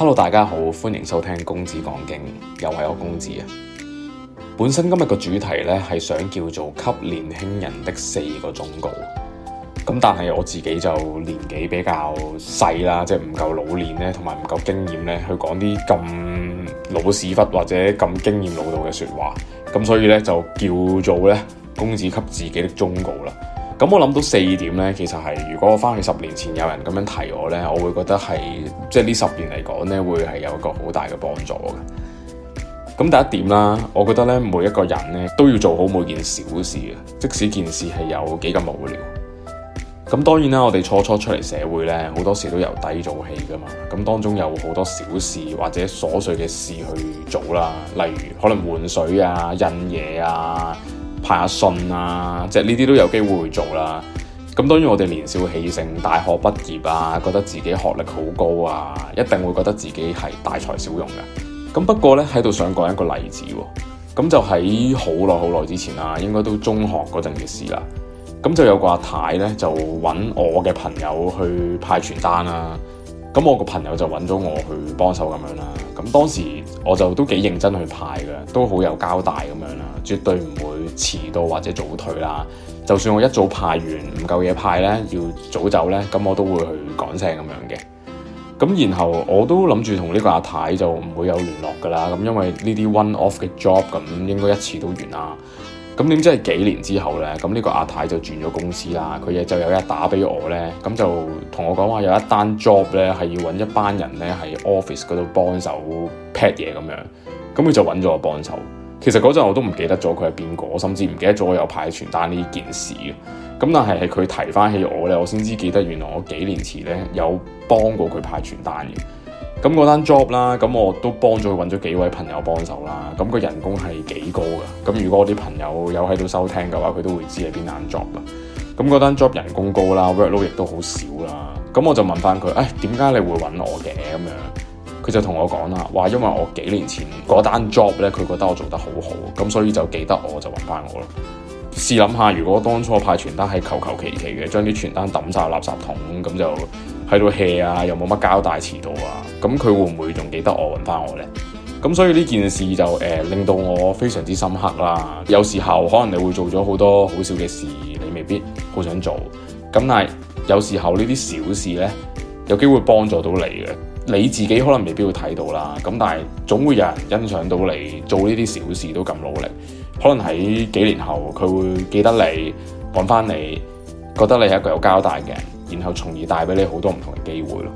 Hello，大家好，歡迎收聽公子講經，又係我公子啊。本身今日個主題咧係想叫做給年輕人的四個忠告，咁但係我自己就年紀比較細啦，即係唔夠老練咧，同埋唔夠經驗咧，去講啲咁老屎忽或者咁經驗老道嘅說話，咁所以咧就叫做咧公子給自己的忠告啦。咁我諗到四點呢，其實係如果我翻去十年前有人咁樣提我呢，我會覺得係即係呢十年嚟講呢，會係有一個好大嘅幫助。咁第一點啦，我覺得呢，每一個人呢都要做好每件小事嘅，即使件事係有幾咁無聊。咁當然啦，我哋初初出嚟社會呢，好多時都由低做起噶嘛。咁當中有好多小事或者瑣碎嘅事去做啦，例如可能換水啊、印嘢啊。派下信啊，即係呢啲都有機會做啦。咁當然我哋年少氣盛，大學畢業啊，覺得自己學歷好高啊，一定會覺得自己係大材小用嘅。咁不過呢，喺度想講一個例子喎。咁就喺好耐好耐之前啦，應該都中學嗰陣嘅事啦。咁就有個阿太呢，就揾我嘅朋友去派傳單啦。咁我個朋友就揾咗我去幫手咁樣啦。咁當時我就都幾認真去派㗎，都好有交代咁樣啦，絕對唔會遲到或者早退啦。就算我一早派完唔夠嘢派咧，要早走咧，咁我都會去講聲咁樣嘅。咁然後我都諗住同呢個阿太就唔會有聯絡㗎啦。咁因為呢啲 one off 嘅 job，咁應該一次都完啦。咁點知係幾年之後咧？咁呢個阿太就轉咗公司啦。佢亦就有一日打俾我咧，咁就同我講話有一單 job 咧，係要揾一班人咧喺 office 嗰度幫手 pad 嘢咁樣。咁佢就揾咗我幫手。其實嗰陣我都唔記得咗佢係邊個，甚至唔記得咗我有派傳單呢件事嘅。咁但係係佢提翻起我咧，我先知記得原來我幾年前咧有幫過佢派傳單嘅。咁嗰單 job 啦，咁我都幫咗佢揾咗幾位朋友幫手啦。咁個人工係幾高㗎？咁如果我啲朋友有喺度收聽嘅話，佢都會知係邊單 job 啦。咁嗰單 job 人工高啦，workload 亦都好少啦。咁我就問翻佢：誒點解你會揾我嘅？咁樣佢就同我講啦，話因為我幾年前嗰單 job 咧，佢覺得我做得好好，咁所以就記得我就揾翻我咯。試諗下，如果當初派傳單係求求其其嘅，將啲傳單抌晒垃圾桶，咁就～喺度 h e 啊，又冇乜交代、遲到啊，咁佢會唔會仲記得我揾翻我呢？咁所以呢件事就誒、呃、令到我非常之深刻啦。有時候可能你會做咗好多好少嘅事，你未必好想做，咁但係有時候呢啲小事呢，有機會幫助到你嘅。你自己可能未必會睇到啦，咁但係總會有人欣賞到你做呢啲小事都咁努力。可能喺幾年後，佢會記得你揾翻你，覺得你係一個有交代嘅。然後從而帶俾你好多唔同嘅機會咯。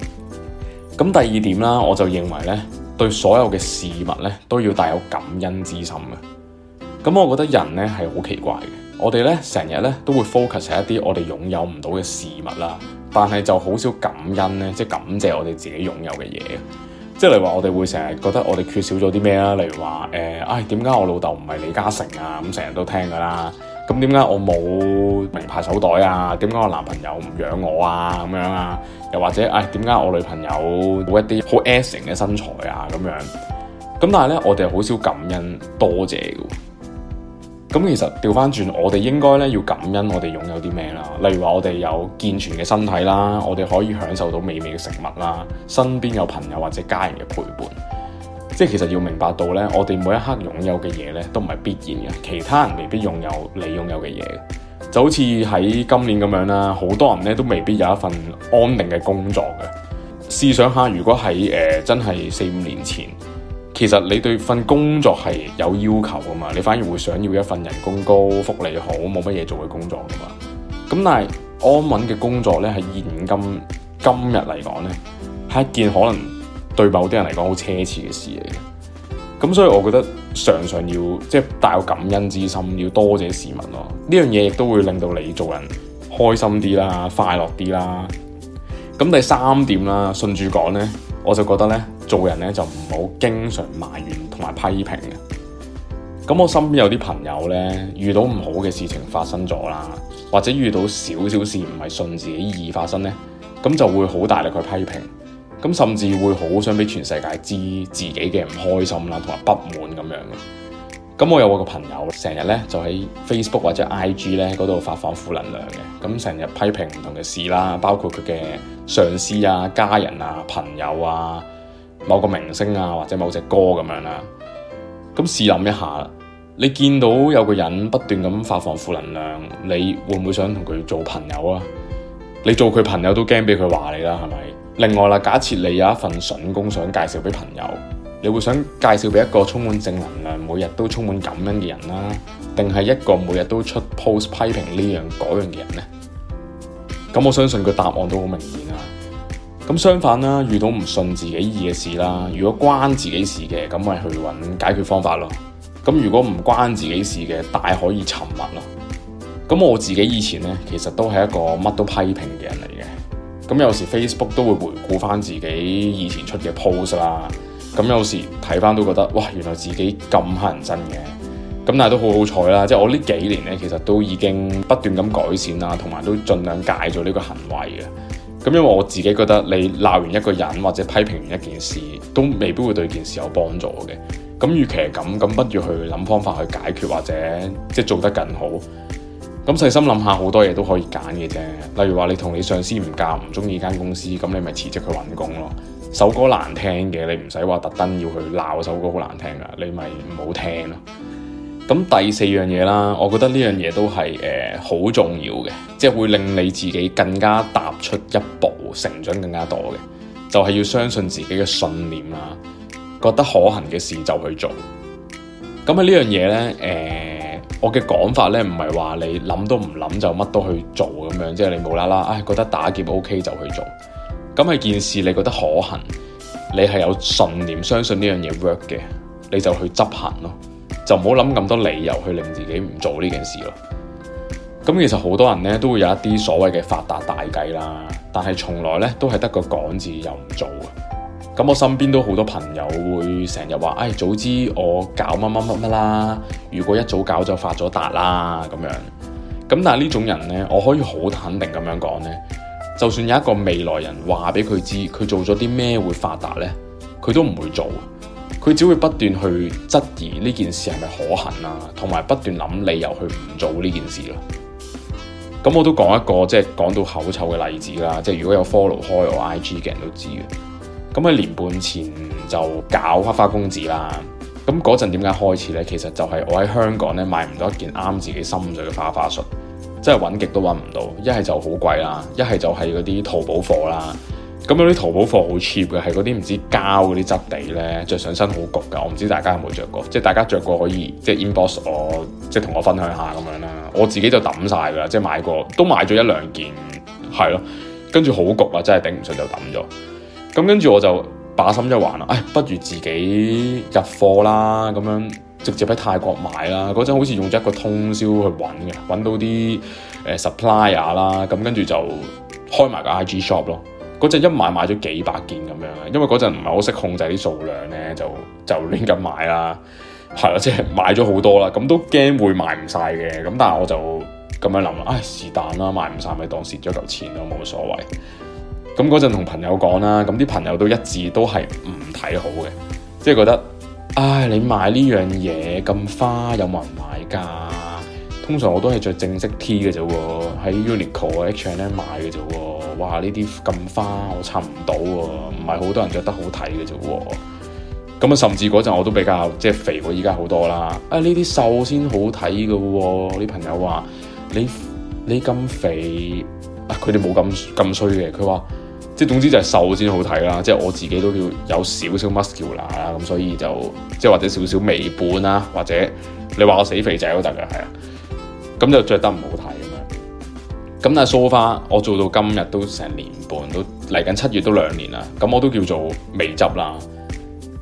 咁第二點啦，我就認為咧，對所有嘅事物咧，都要帶有感恩之心嘅。咁我覺得人咧係好奇怪嘅，我哋咧成日咧都會 focus 喺一啲我哋擁有唔到嘅事物啦，但係就好少感恩咧，即係感謝我哋自己擁有嘅嘢嘅。即係例如話，我哋會成日覺得我哋缺少咗啲咩啦，例如話誒，唉，點解我老豆唔係李嘉誠啊？咁成日都聽噶啦。咁點解我冇名牌手袋啊？點解我男朋友唔養我啊？咁樣啊？又或者唉，點解我女朋友冇一啲好 S 型嘅身材啊？咁樣？咁但係咧，我哋好少感恩多謝嘅。咁其實調翻轉，我哋應該咧要感恩我哋擁有啲咩啦，例如話我哋有健全嘅身體啦，我哋可以享受到美味嘅食物啦，身邊有朋友或者家人嘅陪伴。即係其實要明白到咧，我哋每一刻擁有嘅嘢咧，都唔係必然嘅。其他人未必擁有你擁有嘅嘢。就好似喺今年咁樣啦，好多人咧都未必有一份安定嘅工作嘅。試想下，如果喺誒、呃、真係四五年前，其實你對份工作係有要求㗎嘛？你反而會想要一份人工高、福利好、冇乜嘢做嘅工作㗎嘛？咁但係安穩嘅工作咧，喺現今今日嚟講咧，係一件可能，對某啲人嚟講，好奢侈嘅事嚟嘅。咁所以，我覺得常常要即係、就是、帶有感恩之心，要多謝市民咯。呢樣嘢亦都會令到你做人開心啲啦，快樂啲啦。咁第三點啦，順住講咧，我就覺得咧，做人咧就唔好經常埋怨同埋批評嘅。咁我身邊有啲朋友咧，遇到唔好嘅事情發生咗啦，或者遇到小小事唔係順自己意發生咧，咁就會好大力去批評。咁甚至會好想俾全世界知自己嘅唔開心啦，同埋不滿咁樣嘅。咁我有我個朋友，成日咧就喺 Facebook 或者 IG 咧嗰度發放負能量嘅。咁成日批評唔同嘅事啦，包括佢嘅上司啊、家人啊、朋友啊、某個明星啊或者某隻歌咁樣啦。咁試諗一下，你見到有個人不斷咁發放負能量，你會唔會想同佢做朋友啊？你做佢朋友都驚俾佢話你啦，係咪？另外啦，假設你有一份筍工想介紹俾朋友，你會想介紹俾一個充滿正能量、每日都充滿感恩嘅人啦，定係一個每日都出 post 批評呢樣嗰樣嘅人呢？咁我相信個答案都好明顯啦。咁相反啦，遇到唔順自己意嘅事啦，如果關自己的事嘅，咁咪去揾解決方法咯。咁如果唔關自己的事嘅，大可以沉默咯。咁我自己以前呢，其實都係一個乜都批評嘅人嚟嘅。咁有時 Facebook 都會回顧翻自己以前出嘅 post 啦，咁有時睇翻都覺得哇，原來自己咁乞人憎嘅，咁但係都好好彩啦，即係我呢幾年呢，其實都已經不斷咁改善啦，同埋都盡量戒咗呢個行為嘅。咁因為我自己覺得，你鬧完一個人或者批評完一件事，都未必會對件事有幫助嘅。咁與其係咁，咁不如去諗方法去解決或者即係做得更好。咁細心諗下，好多嘢都可以揀嘅啫。例如話你同你上司唔夾，唔中意間公司，咁你咪辭職去搵工咯。首歌難聽嘅，你唔使話特登要去鬧首歌好難聽噶，你咪唔好聽咯。咁第四樣嘢啦，我覺得呢樣嘢都係誒好重要嘅，即係會令你自己更加踏出一步，成長更加多嘅，就係要相信自己嘅信念啦。覺得可行嘅事就去做。咁喺呢樣嘢呢。誒、呃。我嘅講法咧，唔係話你諗都唔諗就乜都去做咁樣，即係你無啦啦，唉，覺得打劫 OK 就去做，咁係件事你覺得可行，你係有信念相信呢樣嘢 work 嘅，你就去執行咯，就唔好諗咁多理由去令自己唔做呢件事咯。咁其實好多人咧都會有一啲所謂嘅發達大計啦，但係從來咧都係得個講字又唔做。咁我身邊都好多朋友會成日話，唉、哎，早知我搞乜乜乜乜啦！如果一早搞就發咗達啦，咁樣。咁但係呢種人呢，我可以好肯定咁樣講呢：「就算有一個未來人話俾佢知，佢做咗啲咩會發達呢，佢都唔會做，佢只會不斷去質疑呢件事係咪可行啦、啊，同埋不斷諗理由去唔做呢件事咯。咁我都講一個即係講到口臭嘅例子啦，即係如果有 follow 開我 IG 嘅人都知嘅。咁喺年半前就搞花花公子啦。咁嗰陣點解開始咧？其實就係我喺香港咧買唔到一件啱自己心水嘅花花恤，真係揾極都揾唔到。一係就好貴啦，一係就係嗰啲淘寶貨啦。咁有啲淘寶貨好 cheap 嘅，係嗰啲唔知膠嗰啲質地咧，着上身好焗㗎。我唔知大家有冇着過，即係大家着過可以即係 inbox 我，即係同我分享下咁樣啦。我自己就抌晒㗎啦，即係買過都買咗一兩件，係咯，跟住好焗啊，真係頂唔順就抌咗。咁跟住我就把心一橫啦，哎，不如自己入貨啦，咁樣直接喺泰國買啦。嗰陣好似用咗一個通宵去揾嘅，揾到啲誒 supplier 啦，咁跟住就開埋個 IG shop 咯。嗰陣一買買咗幾百件咁樣啊，因為嗰陣唔係好識控制啲數量咧，就就亂咁買啦，係咯，即係買咗好多啦。咁都驚會賣唔晒嘅，咁但係我就咁樣諗啦，哎，是但啦，賣唔晒咪當蝕咗嚿錢咯，冇所謂。咁嗰陣同朋友講啦，咁啲朋友都一致都係唔睇好嘅，即係覺得，唉，你買呢樣嘢咁花有冇人買㗎？通常我都係着正式 T 嘅啫喎，喺 Uniqlo 啊、H&M 買嘅啫喎，哇，呢啲咁花我襯唔到喎，唔係好多人着得好睇嘅啫喎。咁、嗯、啊，甚至嗰陣我都比較即係肥過依家好多啦，啊呢啲瘦先好睇嘅喎，啲朋友話你你咁肥，啊佢哋冇咁咁衰嘅，佢話。即係總之就係瘦先好睇啦，即係我自己都要有少少 muscular 啦，咁所以就即係或者少少微胖啦，或者你話我死肥仔都得嘅，係啊，咁就着得唔好睇咁樣。咁但係 so far，我做到今日都成年半，都嚟緊七月都兩年啦，咁我都叫做微執啦。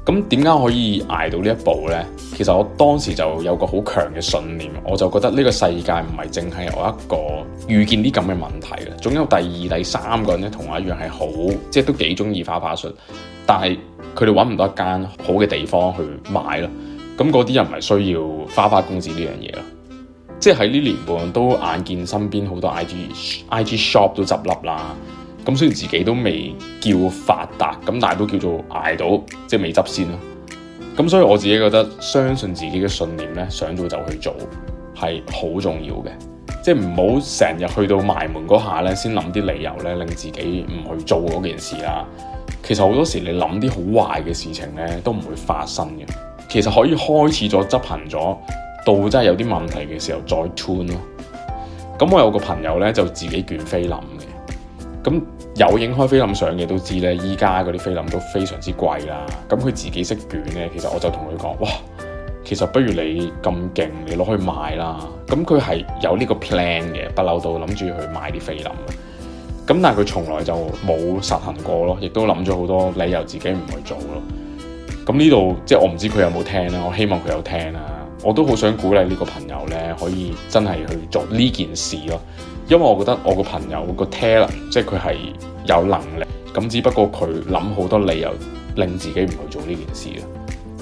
咁點解可以捱到呢一步呢？其實我當時就有個好強嘅信念，我就覺得呢個世界唔係淨係我一個遇見啲咁嘅問題嘅，總有第二、第三個人咧同我一樣係好，即係都幾中意花花術，但係佢哋揾唔到一間好嘅地方去買咯。咁嗰啲人唔係需要花花公子呢樣嘢咯。即係喺呢年半都眼見身邊好多 I G I G shop 都執笠啦。咁雖然自己都未叫發達，咁但係都叫做捱到，即係未執先咯。咁所以我自己覺得，相信自己嘅信念咧，想做就去做，係好重要嘅。即係唔好成日去到埋門嗰下咧，先諗啲理由咧，令自己唔去做嗰件事啦。其實好多時你諗啲好壞嘅事情咧，都唔會發生嘅。其實可以開始咗執行咗，到真係有啲問題嘅時候再 tune 咯。咁我有個朋友咧，就自己卷飛林。咁有影開菲林相嘅都知咧，依家嗰啲菲林都非常之貴啦。咁佢自己識捲咧，其實我就同佢講，哇，其實不如你咁勁，你攞去賣啦。咁佢係有呢個 plan 嘅，不嬲到諗住去賣啲菲林。咁但係佢從來就冇實行過咯，亦都諗咗好多理由自己唔去做咯。咁呢度即係我唔知佢有冇聽啦，我希望佢有聽啊。我都好想鼓勵呢個朋友咧，可以真係去做呢件事咯。因為我覺得我個朋友個 talent，即係佢係有能力，咁只不過佢諗好多理由令自己唔去做呢件事啦。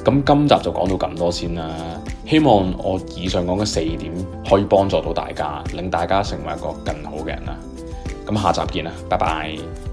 咁今集就講到咁多先啦，希望我以上講嘅四點可以幫助到大家，令大家成為一個更好嘅人啦。咁下集見啦，拜拜。